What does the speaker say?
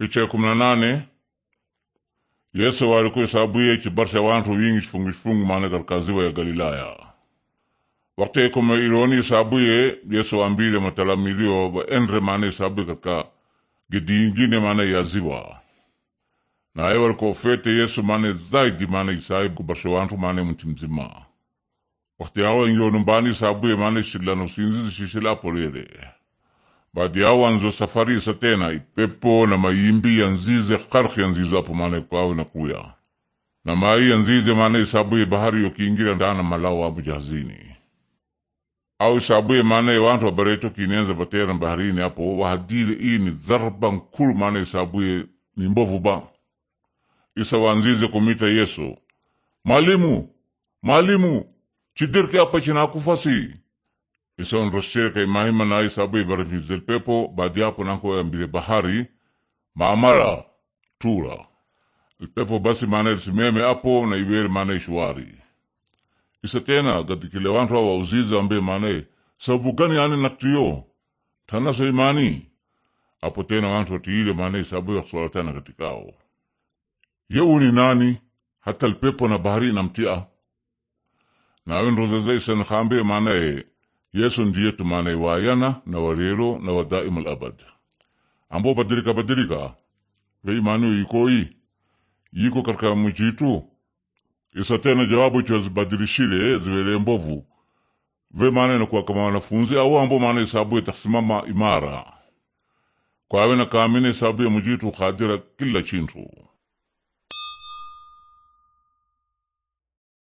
icha ikumi na nane yesu walikuwa isabuye chibarisha wantu wingi chifungu chifungu maana garikaziwa ya galilaya wakati kume ironi ye yesu ambile matalamilio baenre maana isabuye katika gidi ingine mane ya ziwa naye walikofete yesu mane zaidi mane isai kubarsha wantu mane mti mzima wakati awo ingiyo numbani isabuye mane shilano sinzizi shishila polele Baadi yao anzosafarisa tena ipepo na maimbi yanzize karhi nzize apo mana kwawe na kuya na mai nzize mana ya bahari yokiingira ndana malao abu jahazini au isabuye mana wantu abareto kinenza batera baharini apo wahadile ni dharba nkulu mana isabuye ni mbovu ba isa wanzize kumita Yesu mwalimu mwalimu chidirke apa chinakufasi isonrosheka imahima na isabu ivaramizel pepo baadi yapo nankoambile bahari maamala tura pepo basi maana ilisimeme apo na iwere maana ishwari isa tena gadikile wantu awa uziza ambe maana sababu gani ani naktiyo tanaso imani apo tena wantu watiile maana isabu yakusolatana katikao ni nani hata lpepo na bahari inamtia nawenrozeza isanakaambie maanaye yesu ndiye tumana iwayana na warero na wadaimal alabad ambo badilika badilika ve imani yikoi yiko karka mjitu isa tena jawabu cho zibadilishile ziwele mbovu ve maana inakuwa kama wanafunzi au ambo maana isabu itasimama imara kwawe na kamina isabu ya mjitu khadira kila chintu